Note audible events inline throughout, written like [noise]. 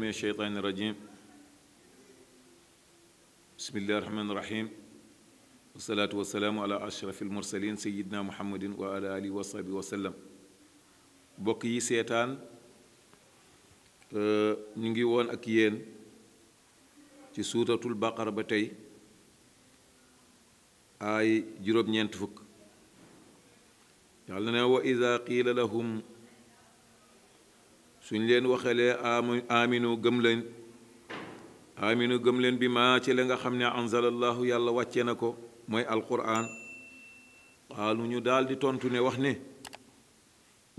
من الشيطان الرجيم بسم الله الرحمن الرحيم والصلاة والسلام على أشرف المرسلين سيدنا محمد وعلى آله وصحبه وسلم بقي yi seetaan وان أكيين في سورة البقرة ci آي baqara نينتفك tey وإذا قيل لهم lahum suñ leen waxelee aminu gëm leen aminu gëm leen bi ma ci la nga xam ne anzalallahu yàlla wàcce na ko mooy alquran xaalu ñu daldi tontu ne wax ne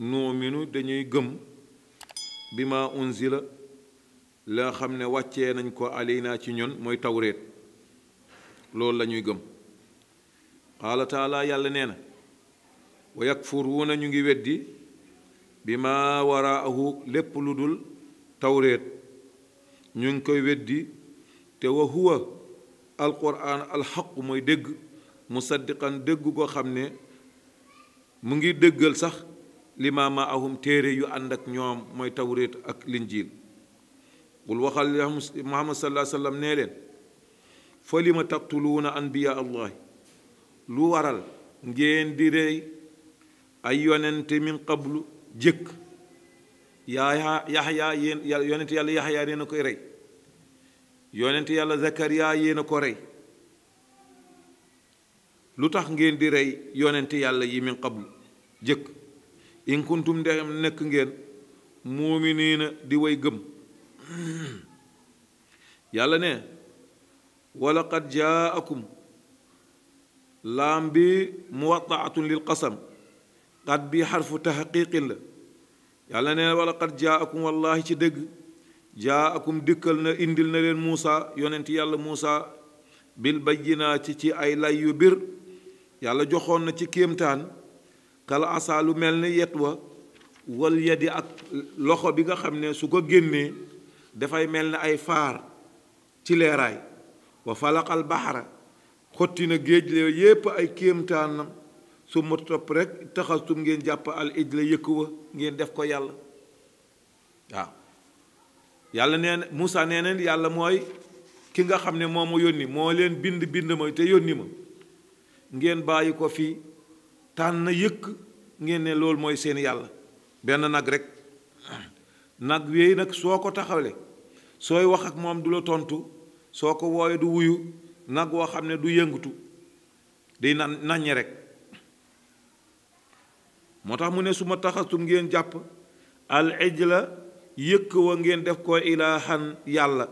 noominu dañuy gëm bi maa unzila la xam ne wàccee nañ ko aleyna ci ñun mooy tawreet loolu la ñuy gëm qaala taala yàlla nee na wa yakfuruuna ñu ngi weddi bi ma waraahu lépp lu dul tawréet ñu ngi koy weddi te wa huwa alquran alxaqu mooy dégg musaddiqan dégg koo xam ne mu ngi déggal sax lima ma ahum téere yu ànd ak ñoom mooy tawreet ak linjiil qul waxal muhammad sallallahu alayhi wasallam nee leen fa lima taqtuluuna anbiya allahi lu waral ngeen di rey ay yonente min qablu jëkk yaa yaxya yéen yonent yàlla yaxya yéen a koy rey yonent yàlla zakariya yéen a ko rey lu tax ngeen di rey yonent yàlla yi min qablu jëkk in kuntum ndexem nekk ngeen muuminiina di way gëm [clears throat] yàlla ne wala qad jaakum laam bi muwataatun lil qasam xat bii xarfu taxqiqin la yàlla nee wala xat jaa akum wallaahi ci dëgg jaa akum dikkal na indil na leen muusa yonent yàlla muusa bil bayyinaati ci ci ay lay yu bir yàlla joxoon na ci kéemtaan kala asaa lu mel ni yet wa wal ak loxo bi nga xam ne su ko génnee dafay mel ni ay faar ci leeraay wa falaqal baxara xotti na géej lee yépp ay kéemtaanam su ma topp rek taxasum ngeen jàpp al ijla yëkku ngeen def ko yàlla waaw yàlla nee na Moussa nee na yàlla mooy ki nga xam ne moo ma yónni bind bind ma te yónni ma ngeen bàyyi ko fii tànn yëkk ngeen ne loolu mooy seen yàlla benn nag rek nag yooyu nag soo ko taxawle sooy wax ak moom du la tontu soo ko du wuyu nag du day nan rek moo tax mu ne suma ma ngeen jàpp al ijla yëkk wa ngeen def ko ilaahan yàlla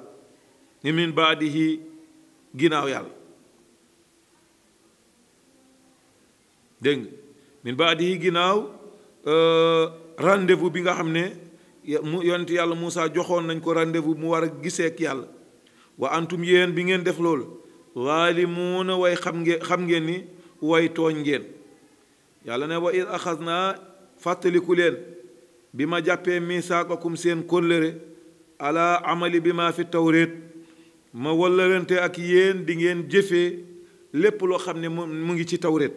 ni min baadihi ginnaaw yàlla dégg nga min baadihi ginnaaw euh, rendez-vous bi nga xam ne mu yonent yàlla Moussa joxoon nañ ko rendez mu war a gisee ak yàlla wa antum yéen bi ngeen def loolu zaalimuuna way xam ngeen xam ngeen ni way tooñ ngeen yàlla ne wa id axas naa fàttaliku leen bi ma jàppee misaaqakum seen kóllëre ala amali bi maa fi tawréet ma wallërante ak yéen di ngeen jëfee lépp loo xam ne mu ngi ci tawréet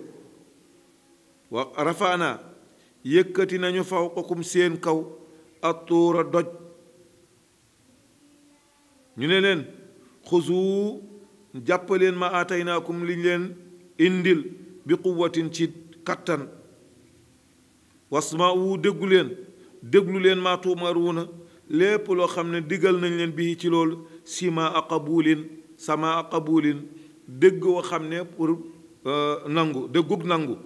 wa rafaana yëkkati nañu fawqakum seen kaw ak doj ñu ne leen xusu jàppaleen ma aataynaakum li leen indil bi quwwatin ci kàttan wasma wu déggu leen déglu leen maa tuumaruuna lépp loo xam ne digal nañ leen bii ci loolu sima aqabulin sama aqabulin dégg woo xam ne pour euh, nangu déggug nangu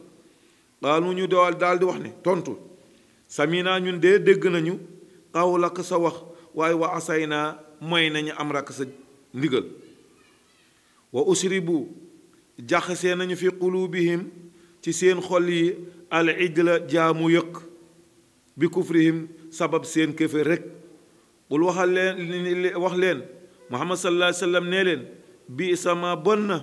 xaalu ñu wax ne tontu samina ñun dee dégg nañu xawlak sa wax waaye wa asay naa mooy nañu am rakk sa ndigal wa usribu jaxasee nañu fi qulubihim ci seen xol yi al ijla jaamu yëkk bi kufrihim sabab seen kéefér rek bul waxal leen wax leen muhammad sallallahu alayhi wa nee leen bi sama bon na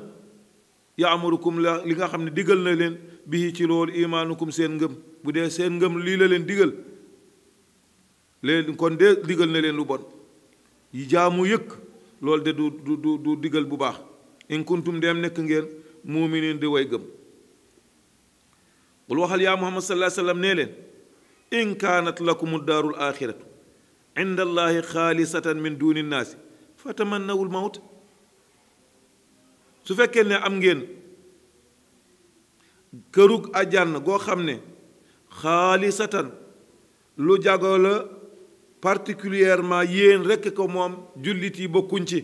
yaamurukum la li nga xam ne digal na leen bi ci loolu imaanukum seen ngëm bu dee seen ngëm lii la leen digal leen kon de digal na leen lu bon yi jaamu yëkk loolu de du du du digal bu baax in kuntum dem nekk ngeen muuminiin di way gëm qul waxal yaa muhammad sallallahu alayhi wa sallam nee leen in kaanat lakumu daarul axiratu inda allahi xaalisatan min duuni naasi fa tamannawul mawt su fekkee ne am ngeen kërug àjjana goo xam ne xaalisatan lu jagoo la particulièrement yéen rekk ko moom jullit yi bokkuñ ci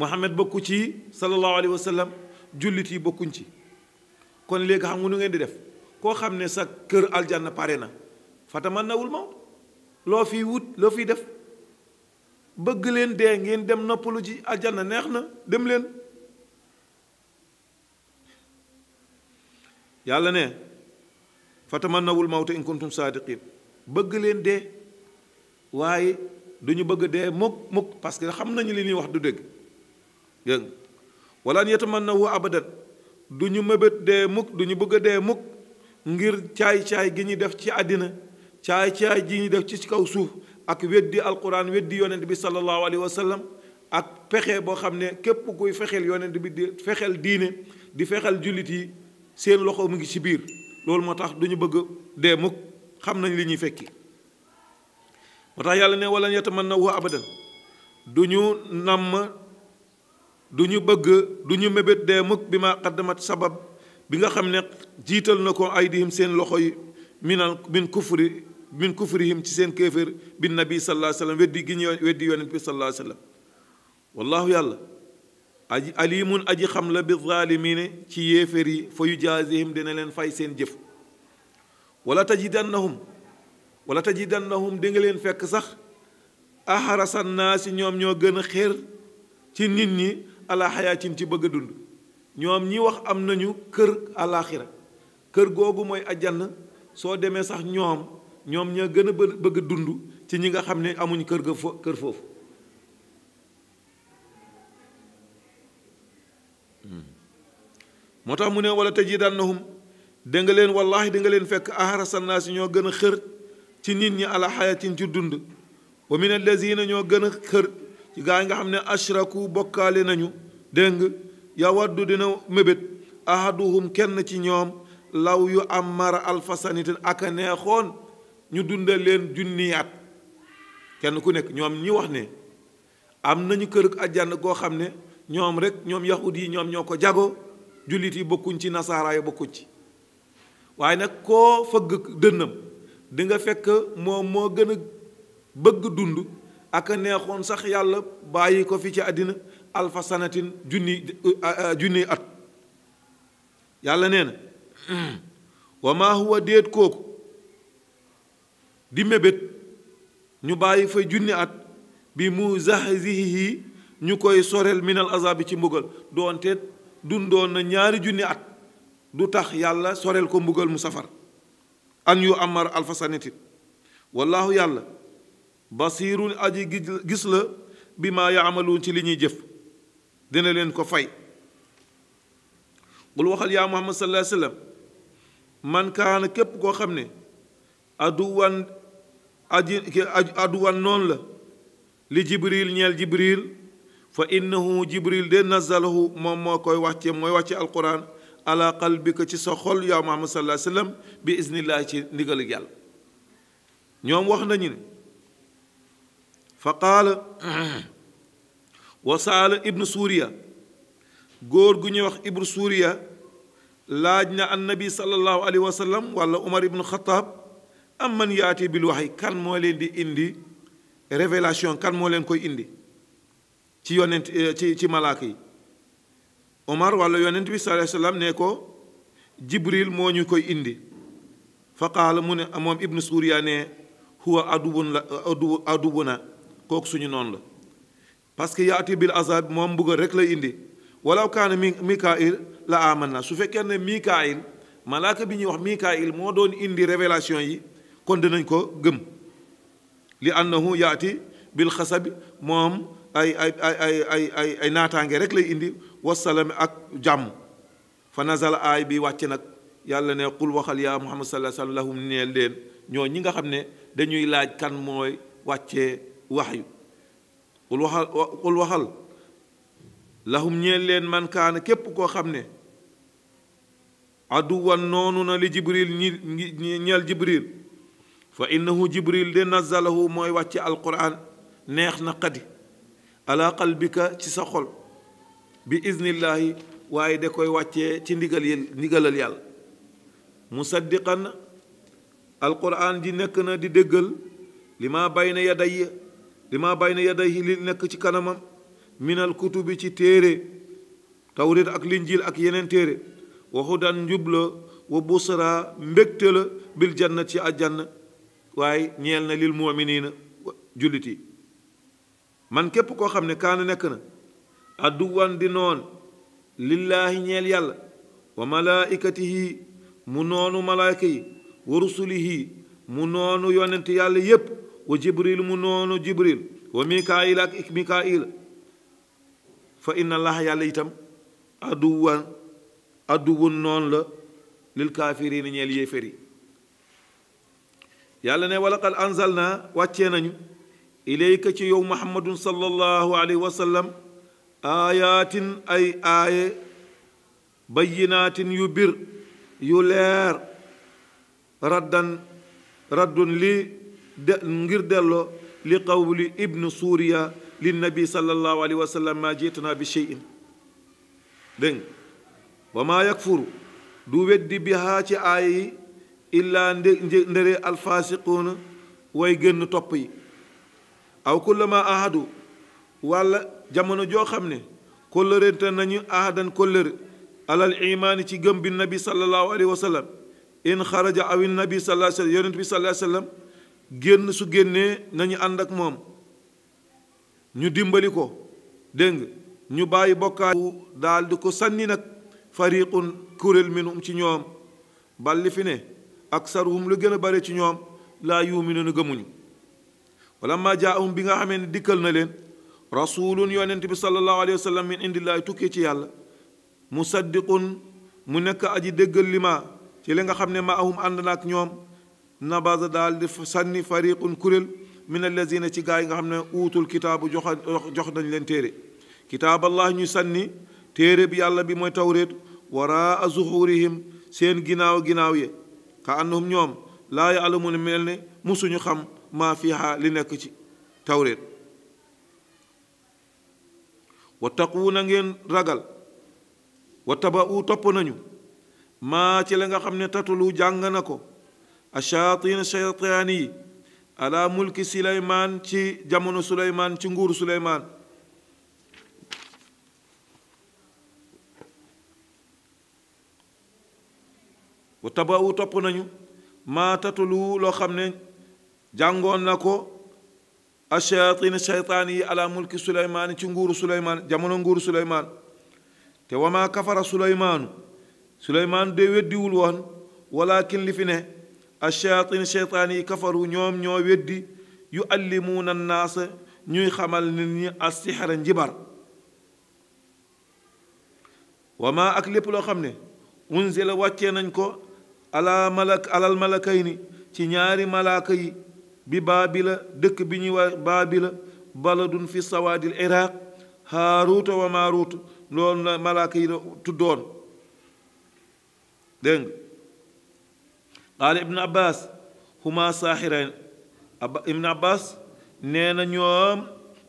Muhammad bokku ci sallallahu alayhi wa sallam jullit yi bokkuñ ci kon léegi xam nga nu ngeen di def koo xam ne sa kër aljanna pare na fatamannawul mawt loo fi wut loo fiy def bëgg leen dee ngeen dem noppalu ji aljanna neex na dem leen yàlla ne fatamannawul mawta in kuntum saadiqin bëgg leen dee waaye duñu bëgg dee muk mukk parce que xam nañu li ñuy wax du dëgg dégg wala an yatamannahu abadan duñu mëbët dee mukk duñu bëgg dee mukk ngir caay-caay gi ñuy def ci àddina caay-caay gi ñuy def ci kaw suuf ak weddi alquran weddi yonent bi sallallahu alayhi wa sallam ak pexe boo xam ne képp kuy fexeel yonent bi di fexeel diine di fexeel jullit yi seen loxo mu ngi ci biir loolu moo tax duñu bëgg dee mukk xam nañ li ñuy fekki moo tax yàlla ne wala yatamannahu abadan du ñu namm du ñu bëgg duñu ñu mébét dee mukk bi ma qaddamat sabab bi nga xam ne jiital na ko aydihim seen loxo yi minal min kufri min kufrihim ci seen kéeféer bi nabi sallallahu alayhi wasallam weddi gi ñu weddi yonent bi sallallahu alayhi wasallam wallahu yàlla aji alimun aji xam la bi zaalimine ci yéeféer yi fa yu jaasihim dina leen fay seen jëf wala tajidannahum wala tajidannahum di nga leen fekk sax aharasa naasi ñoom ñoo gën a xéer ci nit ñi ala xayaatin ci bëgg a dund ñoom ñi wax am nañu kër àllaaxira kër googu mooy àjjana soo demee sax ñoom ñoom ña gën a bëgg dund ci ñi nga xam ne amuñu kër ga kër foofu hmm. moo tax mu ne wala tajidannahum da nga leen wallaahi da nga leen fekk ahrasa naasi ñoo gën a xër ci nit ñi ala xayatin ci dund wa min allazina ñoo gën a xër ci gaa yi nga xam ne ashraku bokkaale nañu dégg nga yawaddu dina mébét ahaduhum kenn ci ñoom law yu amara alfa sanatin ak a neexoon ñu dundal leen junni kenn ku nekk ñoom ñi wax ne am nañu kër àjjana koo xam ne ñoom rek ñoom yahud yi ñoom ñoo ko jago jullit yi bokkuñ ci nasaara yi bokkuñ ci waaye nag koo fëgg dënnam di fekk moom moo gën a bëgg dund ak a neexoon sax yàlla bàyyi ko fi ci àddina alfa sanatin junni junniy at yàlla nee na wa maa huwa déet kooku di mébét ñu bàyyi fa junni at bi mu ñu koy soreel minal azabi ci mbugal doonte dundoon na ñaari junni at du tax yàlla soreel ko mbugal mu safar an yu amar alfa sanatin wallaahu yàlla basirun aji gis la bi maa ci li ñuy jëf dina leen ko fay bul waxal yaa muhammad sallallahu alayhi wa sallam man kaana képp koo xam ne aduwan aji aduwan noonu la li jibril ñeel jibril fa innahu jibril de nazalahu moom moo koy wàcce mooy wàcce alquran ala qalbika ci sa xol yaa muhammad sallallahu alayhi wa sallam bi isnillahi ci ndigal yàlla ñoom wax nañu ne fa qaala wasaala ibnu suuriya góor gu ñuy wax ibnu suuriya laaj na annabi sallallahu alayhi wa sallam wala umar ibnu xataab am man yaati bil waxyi kan moo leen di indi révélation kan moo leen koy indi ci yonent ci ci malaaka yi omar wala yonent bi sallallahu alayhi wa sallam ne ko jibril moo ñu koy indi fa qaala mu ne moom ibnu suuriya ne huwa adubun la adubuna kooku suñu noonu la parce que yaati bil azab moom mbugal rek la indi walaw kan mikail la amanna su fekkee mikail malaka biñu wax mikail mo don indi révélation yi kon dinañ ko gëm li annahu yaati bil khasab mom ay ay ay ay ay ay natange rek lay indi wasalaam ak jam fa nazal ay bi wàcc nak yàlla ne qul waxal ya muhammad salaa sallam lahum neel leen ñoo ñi nga xamne dañuy laaj kan moy wacce wahyu qul waxal qul waxal lahum ñeel leen man kaana képp koo xam ne aduwan noonu na li jibril ñi ñeel jibril fa innahu jibril de nazalahu mooy wàcce alquran neex na qadi ala qalbika ci sa xol bi iznillaahi waaye da koy wàccee ci ndigal yel ndigalal yàlla musaddiqan alquran ji nekk na di déggal li ma bayna yadayya lima bayna yadayhi li nekk ci kanamam min alkutubi ci téere tawrit ak linjil ak yeneen téere wa hudan njubla wa busra mbégte la bil janna ci àjjann waaye ñeel na lil muminina julliti man képp koo xam ne kaana nekk na adduwan di noon lillahi ñeel yàlla wa malaikatihi mu noonu malaayka yi wa rusulihi mu noonu yonent yàlla yépp وجبريل منون جبريل وميكائيل اك ميكائيل فان الله يلا يتم ادو عدو نون لا للكافرين نيل يفري يلا نه ولقد انزلنا واتينا اليك تي يوم محمد صلى الله عليه وسلم ايات اي ايه بينات يبر يلير ردا رد لي de ngir delloo li qawli ibnu suuriya li nabi sallallahu alayhi wa sallam maa jiitanaa bi cheyin dégg wa maa yakfuru du weddi bihaa ci aaya yi illaa ndé ndéree alfaasiquuna way génn topp yi aw kullama ahadu walla jamono joo xam ne kóllërente nañu ahadan kóllëre alal imaani ci gëm bi nabi sallallahu alayhi wa in xaraja awin nabi sallallahu alayhi yonent bi sallallahu alayhi génn su génnee nañu ànd ak moom ñu dimbali ko dégg ñu bàyyi bokkaat daal di ko sànni nag fariqun kuréel minhum ci ñoom balli fi ne aksaruhum lu gën a bare ci ñoom laa yuminuuna gëmuñu wala ma jaahum bi nga xamee ne dikkal na leen rasulun yonent bi sallallahu alayhi wa sallam min indillahi ci yàlla mu musaddiqun mu nekk aji déggal li ci li nga xam ne ma ahum ànd na ak ñoom nabasa daal di sànni fariqun kuréel min allazina ci gaa yi nga xam ne uutul kitaabu jox jox nañ leen téere kitaaballah ñu sànni téere bi yàlla bi mooy tawreet waraa zuhurihim seen ginnaaw ginnaaw yi ka annahum ñoom laa ya'lamuuna mel ne musuñu xam maa fiha li nekk ci tawreet wa taquuna ngeen ragal wa taba'u topp nañu maa ci la nga xam ne tatulu jàng na ko ashayaatin shaytaan yi ala mulki suleymaan ci jamono suleymaan ci nguur suleymaan wa tabawu topp nañu maa tatulu loo xam ne jàngoon na ko ashayaatin shaytaan yi ala mulki suleymaan ci nguuru suleymaan jamono nguuru suleymaan te wamaa kafara suleymaanu suleymaan de weddiwul woon walakin li lifine ashayaatin sheytaan yi kafaru ñoom ñoo weddi yu allimuuna annaasa ñuy xamal nit ñi njibar wa ak lépp loo xam ne unzila wàccee nañ ko ala malak alal malakayni ci ñaari malaaka yi bi baabila dëkk bi ñuy wax baabila baladun fi sawaadil iraq haaruuta wa maaruuta loolu la malaaka yi tuddoon dégg qaala ibnu abbas huma saaxiraan ibnu abbas nee na ñoom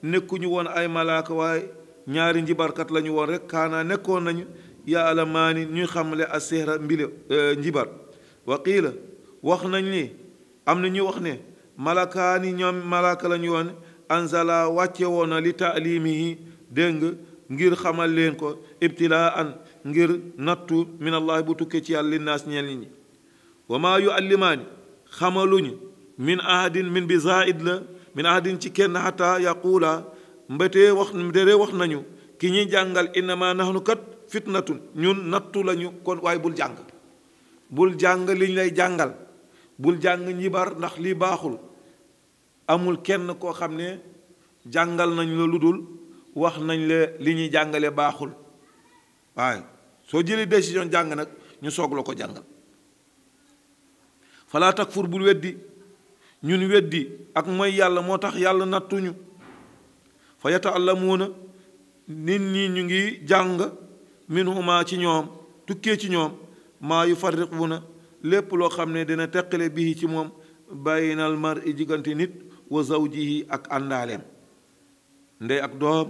nekkuñu woon ay malaaka waaye ñaari njibarkat lañu woon rek kaanaa nekkoon nañu yaalamaani ñuy xamle a sihra mbile e, njibar wa wax nañ ni am na ñuy wax ne malakaani ñoom malaaka lañu woon anzala wàcce woon na li taalimihi dégg nga ngir xamal leen ko ibtilaan ngir nattu min bu tukkee ci yàlla naas ñeel وما يؤلمان خمالوني من أحد من بزائد لا من أحد تكن حتى يقولا مبتة وقت مدرة وقت نيو كني جانغال إنما نحن كت فتنة نيون نطلا نيو كون واي بول جانغ بول جانغ لين لا جانغال بول جانغ نيبار نخلي باخل أمول كن كو خامنة جانغال نيو لودول wax nañ le li ñuy jàngale baaxul waay soo jëlee décision jàng nag ñu soog la ko jàngal falaa fur bul weddi ñun weddi ak mooy yàlla moo tax yàlla nattuñu fa yataallamuuna nit ñi ñu ngi jàng minhuma ci ñoom tukkee ci ñoom maa yu farriquuna lépp loo xam ne dina teqale bi ci moom baynal mar i diggante nit wa zawjihi ak àndaaleem ndey ak doom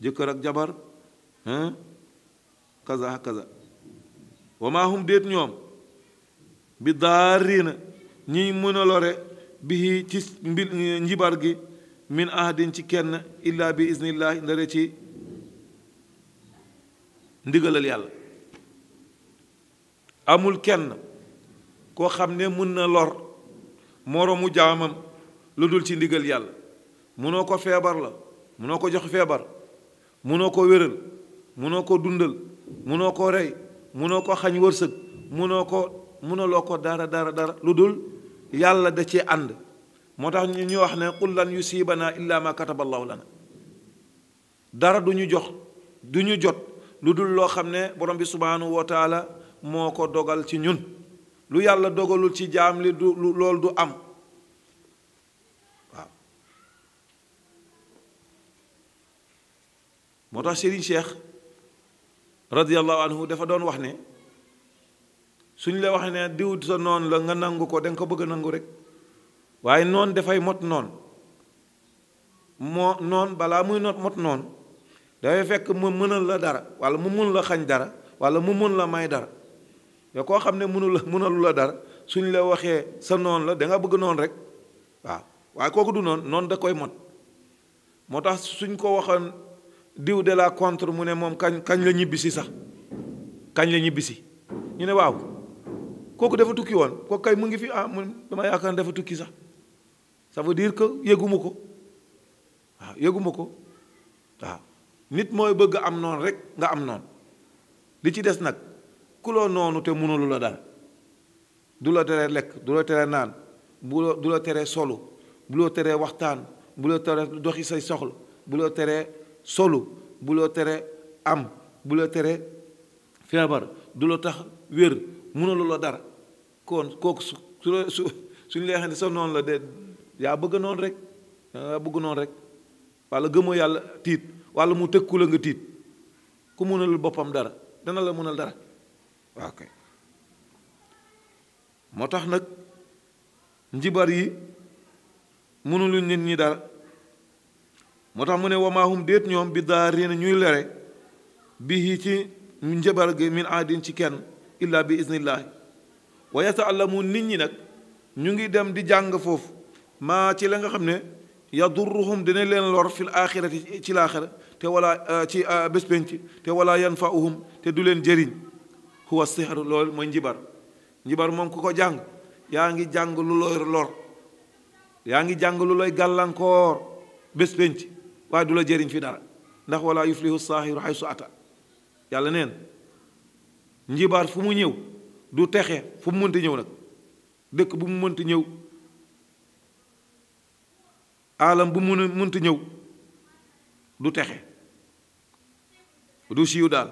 jëkkër ak jabar kaza kaza wa hum déet ñoom bi riina ñi mën a lore bi ci mbir njibar gi min ahadin ci kenn illaa bi isnillahi ndare ci ndigalal yàlla amul kenn koo xam ne mën na lor moroomu jaamam lu dul ci ndigal yàlla mënoo ko feebar la mënoo ko jox feebar mënoo ko wéral mënoo ko dundal mënoo ko rey mënoo ko xañ wërsëg mënoo ko mënuloo ko dara dara dara lu dul yàlla da cee ànd moo tax ñu ñu wax ne qul lan yusibanaa illa ma kataballahu lana dara du ñu jox du ñu jot lu dul loo xam ne borom bi subaanu wa moo ko dogal ci ñun lu yàlla dogalul ci jaam li du lool du am waaw moo tax Serigne Cheikh radiyallahu anhu dafa doon wax ne suñ la wax ne diw sa noon la nga nangu ko da ko bëgg a nangu rek waaye noon dafay mot noon moo noon balaa muy not mot noon dafay fekk mu mënal la dara wala mu mun la xañ dara wala mu mun la may dara yoo koo xam ne mënul mënalu la dara suñ la waxee sa noon la danga bëgg noon rek waaw waaye kooku du noon noonu da koy mot moo tax suñ ko waxoon diw de laa contre mu ne moom kañ kañ la ñibbisi sax kañ la ñibbisi ñu ne waaw kooku dafa tukki won ko kay mu ngi fi ah dama yakkar ne tukki sax ça veut dire que yëguma ko waaw ah, yëguma ah, nit moy bëgg am non rek nga am non li ci dess nak kulo loo te mënulu la dal du la teree lekk du la teree naan bu du la teree solu bu la teree waxtaan bu la teree doxi say soxla bu la teree solu bu la teree am bu la teree feebar du la tax wér mënalu la dara kon kooku su su suñu leexee ne sa noon la de yaa bëgg noonu rek yaa bëgg noonu rek wala gëmoo yàlla tiit wala mu tëkku la nga tiit ku mënalul boppam dara dana la mënal dara waaw moo tax nag njibar yi mënulu nit ñi dara moo tax mu ne wamaahum déet ñoom bi daa réen ñuy lere bi ci njibar gi min aadin ci kenn illa bi iznillahi wa yataallamuun nit ñi nag ñu ngi dem di jàng foofu maa ci la nga xam ne yadurruhum dina leen lor fil axirati ci laaxira te wala ci bés penc te wala yanfauhum te du leen jëriñ huwa sihru loolu mooy njibar njibar moom ku ko jàng yaa ngi jàng lu looy lor yaa ngi jàng lu looy gàllankoor bés penc waaye du la jëriñ fi dara ndax wala yuflihu saahiru xaysu ata yàlla neen njibaar fu mu ñëw du texe fu mu mënti ñëw nag dëkk bu mu mënti ñëw alam bu mu mënti ñëw du texe du siiw daal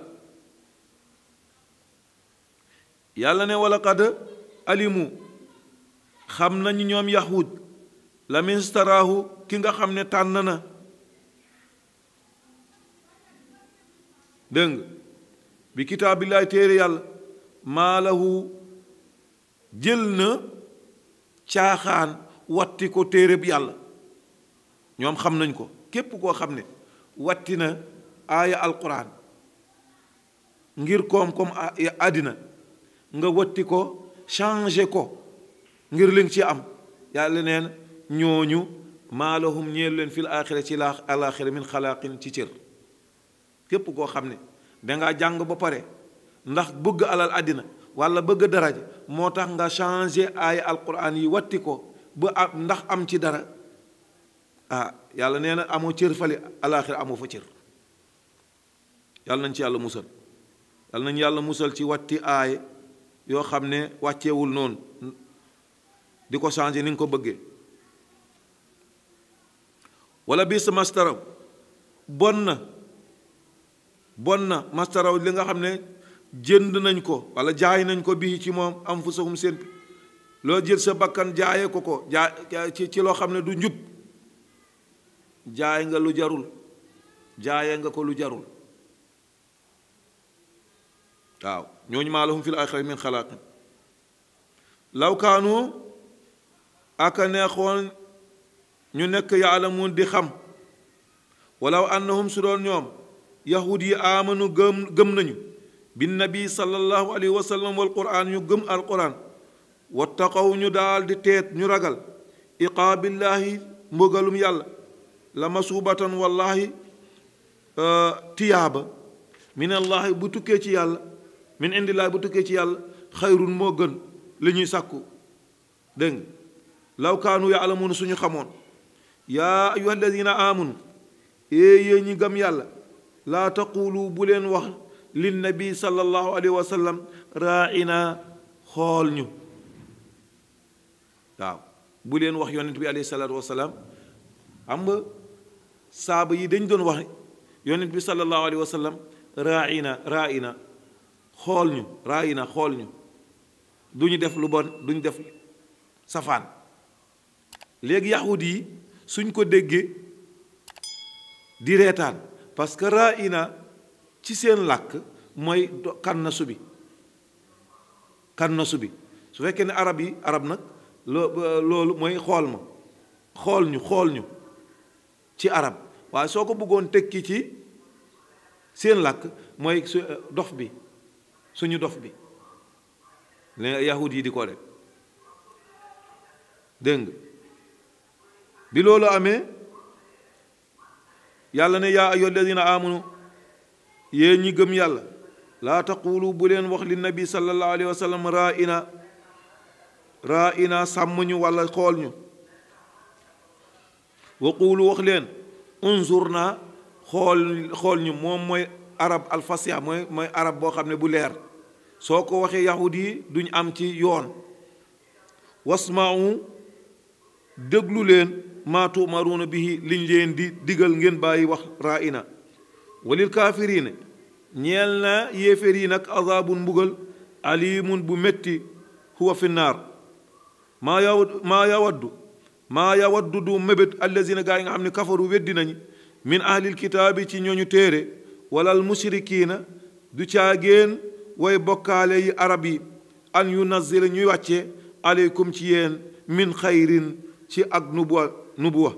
yàlla ne wala kàdd alimu xam nañu ñoom yahud lamin staraahu ki nga xam ne tànn na dëng bikitaabillahi téere yàlla maa lahu jël na caaxaan watti ko téereb yàlla ñoom xam nañ ko képp koo xam ne watti na aaya alquran ngir koom-koom àddina nga watti ko changé ko ngir li ci am yàlla neen ñooñu maa ñeel leen fil aaxira ci laax min xalaaqin ci cër képp koo danga jàng ba pare ndax bëgg alal adina wala bëgg daraja moo tax nga changer ay alquran yi watti ko ba am ndax am ci dara ah yàlla nee na amoo fali fale alaxira amoo fa cër yàlla nañ ci yàlla musal yàlla nañ yàlla musal ci watti aay yo xam ne wàcceewul noonu di changer ni ko bëggee wala bis bon na mastaraw li nga xam ne jënd nañ ko wala jaay nañ ko bii ci moom am fu sahum seen loo jël sa bakkan jaaye ko ko jaay ci ci loo xam ne du njub jaay nga lu jarul jaaye nga ko lu jarul waaw ñooñu maa lahum fil axirati min xalaaqin law kaanu aka neexoon ñu nekk yaalamuun di xam walaw annahum su doon ñoom yahud yi aamanu gëm nañu bi nabi sallallahu alayhi wal quraan ñu gëm al quraan wattaqaw ñu daal di teet ñu ragal iqaabillaahi mbugalum yàlla la masuubatan wallaahi euh, tiyaaba minallaahi bu tukkee ci yàlla min indillaahi bu tukkee ci yàlla xayrun moo gën li ñuy sàkku dégg law kaanu yaalamuun suñu xamoon yaa ayuha alladina aamanu ee ñi gëm yàlla laa taqulu bu leen wax linnabi sallallahu alayhi wa sallam raaina xool ñu waaw bu leen wax yonent bi alayhi salaatu wasalaam xam nga saaba yi dañ doon wax yonent bi sallallahu alayhi wa ina raaina raaina xool ñu raaina xool ñu duñu def lu bon du def safaan léegi yahud yi suñ ko déggee di reetaan parce que raa ina ci seen làkk mooy kan na bi kan su bi su fekkee ne arab yi arab nag loolu mooy xool ma xool ñu xool ñu ci arab waaye soo ko bëggoon tekki ci seen làkk mooy su euh, dof bi suñu dof bi léegi yahud yi di ko def dégg bi loolu amee يالا يا ايها الذين امنوا يا ني گم يالا لا تقولوا بولين وخ للنبي صلى الله عليه وسلم راينا راينا سامنيو ولا خولنيو وقولوا وخ لين انظرنا خول خولنيو موم موي عرب الفصيح موي موي عرب بو خامني بو لير soko waxe yahudi duñ am ci yoon wasma'u deglu len maa tuumaruuna bihi liñ leen di digal ngeen bàyyi wax raa ina walil kaafiriina ñeel na yéeféer yi nag azaabun mbugal alimun bu metti huwa fi naar maa yaw maa du mébét allazina gaa yi nga xam ne kafaru weddi nañ min ahlil kitaabi ci ñooñu téere walal musrikiina du caagéen way bokkaale yi arab yi an yu nazila ñuy wàcce aleykum ci yéen min xayrin ci ak nubuwa nubuwa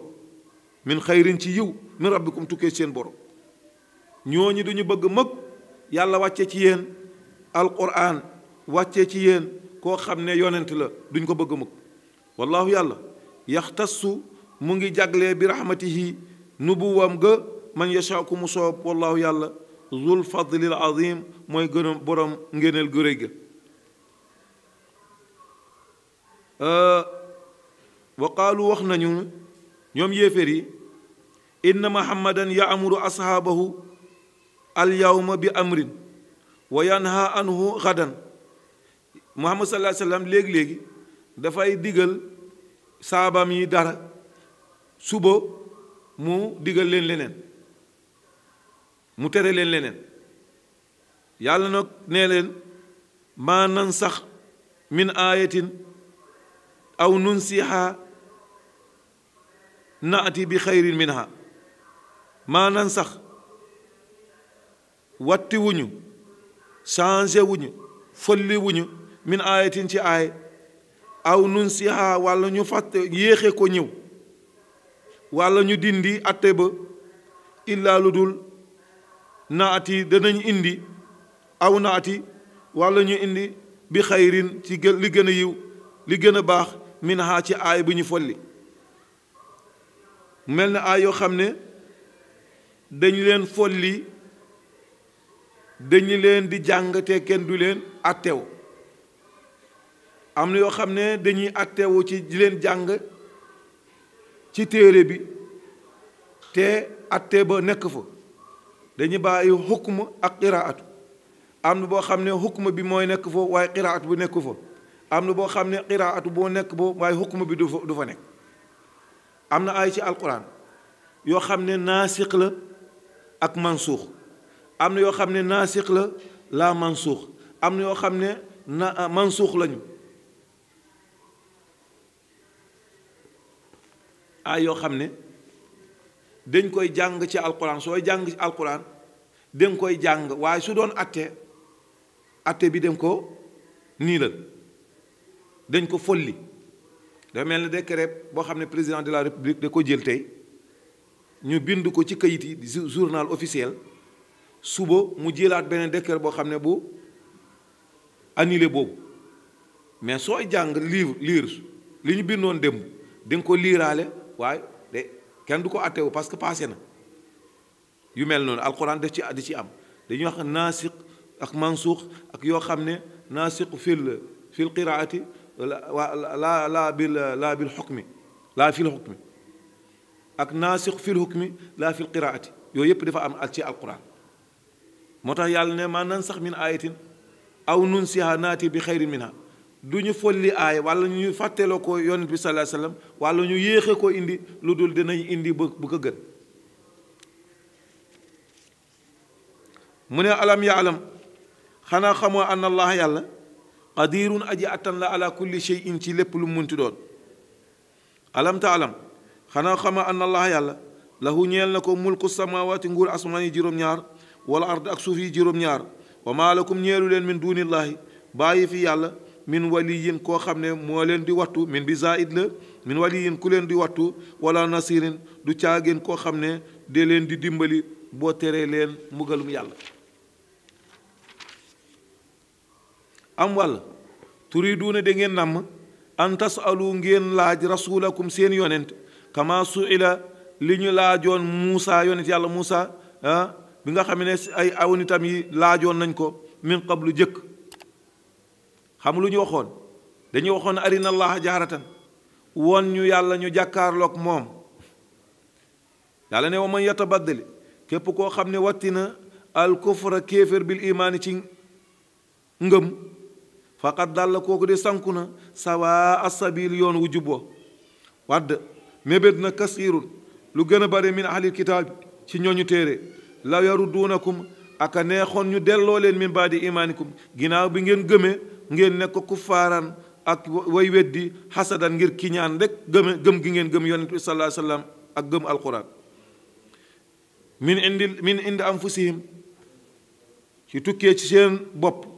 min xayrin ci yiw min rabbikum tukkee seen borom ñi duñu bëgg mëg yàlla wàcce ci yéen alquran wàcce ci yéen koo xam ne yonent la duñ ko bëgg mëg wallaahu yàlla tastu mu ngi jaglee bi rahmatihi nubuwam ga man yasha ku mu soob wallaahu yàlla zul fadlil azim mooy gën borom ngéneel gu réy ga euh, wa qaalu wax nañu ñoom yéeféer yi inna muhammadan yaamuru ashaabahu alyawma bi amrin wa yanha anhu xadan muhammad sallallahu alayhi wasallam léegi-léegi dafay digal saabam yi dara suba mu digal leen leneen mu tere leen leneen yàlla nag nee leen maa nan sax min aayatin aw nun siixa naati bi xayrin minha maanaan sax watti wuñu changé wuñu fëlli wuñu min ci aay aw nun siha walla ñu fàtte yéexe ko ñëw walla ñu dindi atte ba illaa lu dul naati danañ indi aw naati walla ñu indi bi xayrin ci gën li gën yiw li gën a baax minha ci aay bu ñu folli mel na aay yoo xam ne dañu leen folli dañu leen di jàngatee kenn du leen attew am na yoo xam ne dañuy attewu ci di leen jàng ci téere bi te atte ba nekk fa dañuy bàyyi xukma ak qiraatu am na boo xam ne xukma bi mooy nekk fa waaye qiraatu bu nekk fa am na boo xam ne qiraatu boo nekk ba waaye xukma bi du fa du fa nekk am na ay ci alquran yoo xam ne naasix la ak mansuux am na yoo xam ne naasix la laa mansuux am na yoo xam ne na ah, mansuux lañu ay yoo xam ne dañ koy jàng ci alquran sooy jàng ci alquran dañ koy jàng waaye su doon atte atte bi dañ ko niilal dañ ko folli da mel na ni décret boo xam ne président de la république da ko jël tey ñu bind ko ci kayit yi journal officiel suba mu jëlaat beneen décret boo xam ne bu annulé boobu mais sooy jàng liir liir li ñu bindoon dem di nga ko liiraale waaye de kenn du ko attewu parce que passé na yu mel noonu alxuraan daf ci di ci am dañuy wax naasix ak mansuux ak yoo xam ne naasixu fil fil qiraati لا لا بال لا بالحكم لا في الحكم اك في الحكم لا في القراءه يو ييب ام التي القران موتا يال ما ننسخ من ايه او ننسيها ناتي بخير منها دوني فولي ايه ولا ني فاتلوكو يونس صلى الله عليه وسلم ولا ني ييخكو اندي لودول دنا اندي بوكا گن من علم يعلم خنا خمو ان الله يالله qadirun aji attan la ala kulli shay'in ci lépp lu munti doon alam ta'lam xanaa xama an allah yàlla lahu ñeel na ko mulku samawaati nguur asmaan yi juróom-ñaar wala ard ak suuf yi juróom-ñaar wa maa lakum ñeelu leen min duunillaahi bàyyi fi yàlla min waliyin koo xam ne moo di wattu min bi zaid la min waliyin ku leen di wattu wala nasirin du caageen koo xam de leen di dimbali boo teree leen mbugalum yàlla am wàll turiduuna da ngeen nàmm an tasalu ngeen laaj rasulakum seen yonent kama suila li ñu laajoon muusa yonent yàlla muusa bi nga xam ne ay aw nitam yi laajoon nañ ko min lu jëkk xam lu ñu waxoon dañuy waxoon arina allaha jaaratan woon ñu yàlla ñu jàkkaarloog moom yàlla ne wa man yatabaddali képp koo xam ne wàtti na al kufra kéefér bil ci ngëm faqat dalla kooku de sanku na sawa asabil yoon wu jub wa wadd mébét na kasiirun lu gën a bare min ahlil kitaab ci ñooñu téere law yarudduunakum aka neexoon ñu delloo leen min baadi imaanikum ginnaaw bi ngeen gëmee ngeen nekk kuffaaran ak way weddi xasadan ngir kiñaan rek gëm gi ngeen gëm yonent bi sallallahu alayhi ak gëm alquran min indi min indi anfusihim ci tukkee ci seen bopp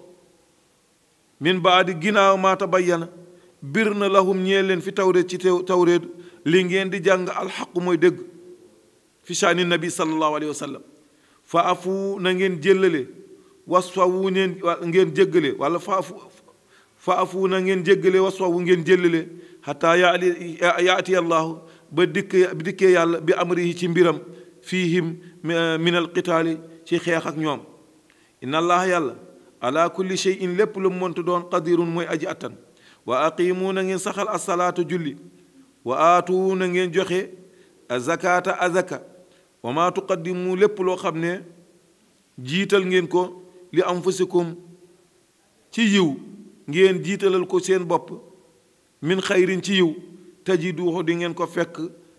min mbaadi ginaawo ma ta bayyana birna lahum ñeelen fi tawre ci tawreedu li ngeen di jàng alxaqu mooy dégg fi saani nabi salallahu alayhi wa sallam fa afu na ngeen jëllale wasfawu ngeen ngeen jéggale wala fa afu fa afu na ngeen jéggale wasfawu ngeen jëllale xata yaati allahu ba dikk bi dikkee yàlla bi amrihi ci mbiram fiihim min alqitaali ci xeex ak ñoom inna allaha yàlla ala kulli shay'in lépp lu mu mëntu doon qadirun mooy aji attan wa aqimu na ngeen saxal asalaatu julli wa aatu na ngeen joxe azakaata azaka wa maa tuqaddimu lépp loo xam ne jiital ngeen ko li anfusikum ci yiw ngeen jiitalal ko seen bopp min xayrin ci yiw tajiduhu di ngeen ko fekk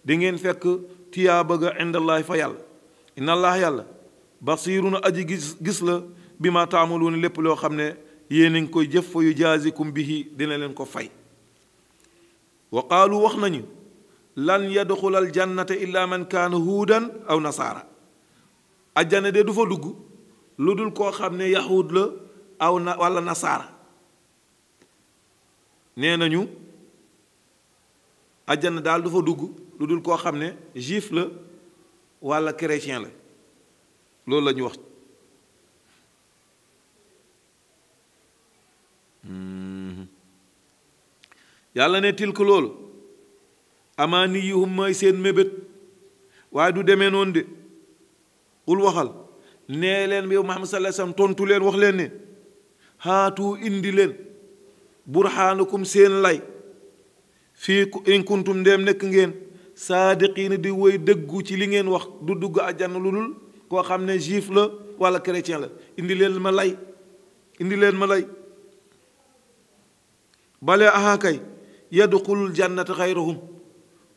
di ngeen fekk tiyaaba ga indallahi fa yàlla inna allah yàlla basirun aji gis gis la bi ma taamaluun lépp loo xam ne yéen a ngi koy jëf fa yu jaasikum bihi dina leen ko fay wa qaalu wax nañu lan yadxul aljannata illa man kaana huudan aw nasaara ajjana de du fa dugg lu dul koo xam ne yahuud la aw na wala nasaara nee nañu ajjana daal du fa dugg lu dul koo xam ne juif la wala chrétien la loolu la ñu wax Mm-hmm. yàlla ne tilk loolu amaani yihum mooy seen mébét waaye du demee noonu de xul waxal nee leen bi yow Muhammad sallallahu alayhi tontu leen wax leen ne haatu indi leen burxaanukum seen lay fii in kuntum ndeem nekk ngeen saadiqiina di woy dëggu ci li ngeen wax du dugg àjjana lu dul koo xam ne juif la wala chrétien la indi leen ma lay indi leen ma lay bale aha kay yadxulul jannata xayruhum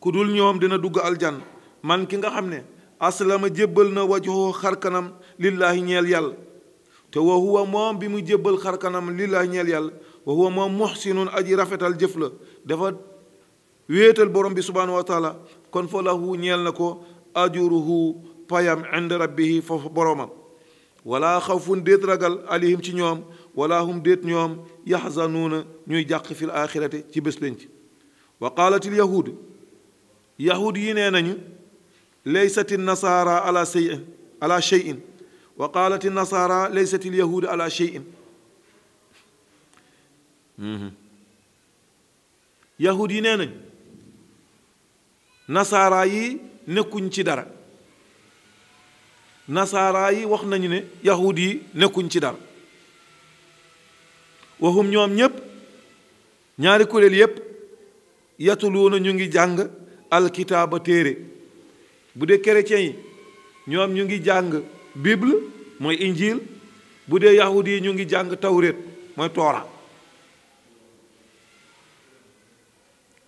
ku dul ñoom dina dugg al aljann man ki nga xam ne aslama jébbal na xar kanam lillaahi ñeel yàlla te wa moom bi mu jébbal kanam lillaahi ñeel yàlla wa huwa moom muxsinun aji rafetal jëf la dafa wéetal borom bi subhaanahu kon fa lahu ñeel na ko ajuruhu payam inda rabbihi foofu boromam wala xawfun déet ragal alihim ci ñoom ولا هم ديت نيوم يحزنون نيو جاق في الآخرة تي بس لنج وقالت اليهود يهود ينين ليست النصارى على شيء على شيء وقالت النصارى ليست اليهود على شيء يهود ينين نصارى يي نكون تدار نصارى يي وخنا يهودي نكون تدار waxum ñoom ñépp ñaari kuréel yépp yatuluuna ñu ngi jàng alkitaaba téere bu dee chrétien yi ñoom ñu ngi jàng bible mooy injil bu dee yahudi yi ñu ngi jàng tawréet mooy toora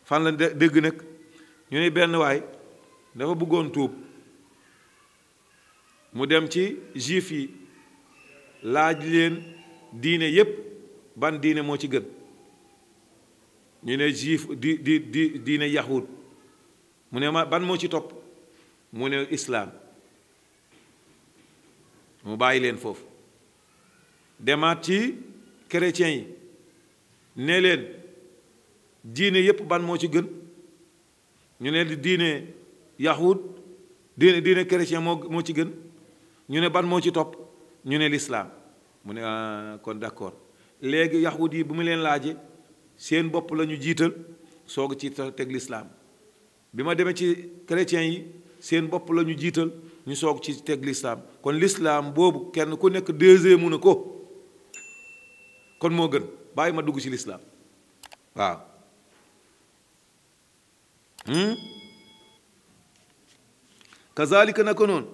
fan la dégg nag ñu ne benn waay dafa bëggoon tuub mu dem ci juif yi laaj leen diine yépp ban diine moo ci gën ñu ne juif di di di diine yahud mu ne ma ban moo ci topp mu ne islaam mu bàyyi leen foofu demaat ci chrétiens yi ne leen diine yépp ban moo ci gën ñu ne diine yahud diine diine chrétien moo moo ci gën ñu ne ban moo ci topp ñu ne lislaam mu ne ah, kon d'accord léegi yahud yi bu mu leen laaje seen bopp lañu jiital soog ci teg lislaam bi ma demee ci chrétiens yi seen bopp la ñu jiital ñu soog ci teg lislaam kon lislaam boobu kenn ku nekk deuxième mu ne ko kon moo gën bàyyi ma dugg ci lislaam waaw hmm? kazalika naka noonu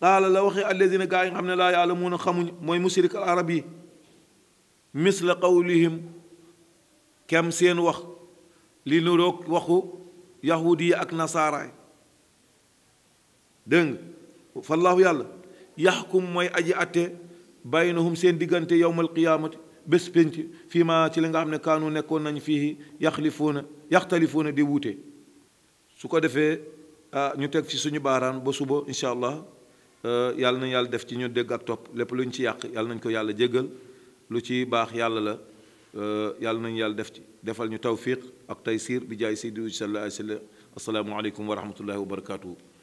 qaala la waxee alladina gaa yi nga xam ne laa yaalamuuna xamuñ mooy mushrik al arab yi la qawlihim kem seen wax li nuroog waxu yahudi ak nasaaraay dégg nga fallaahu yàlla kum mooy aji atte baynahum seen diggante yowmal qiyaamati bés pénc fii ma ci li nga xam ne kaanu nekkoon nañu fii yaxlifuuna yaxtalifuuna di wuute su ko defee ñu teg ci suñu baaraan ba suba incha allah yàlla na yàlla def ci ñu dégg ak topp lépp lu ñu ci yàq yàlla nañ ko yàlla jéggal lu ci baax yàlla la yàlla nañu yàlla def ci defal ñu tawfiq ak taysiir bi jaay saydi sallallahu alayhi wa sallam assalaamu aleykum wa rahmatullahi wa barakatuhu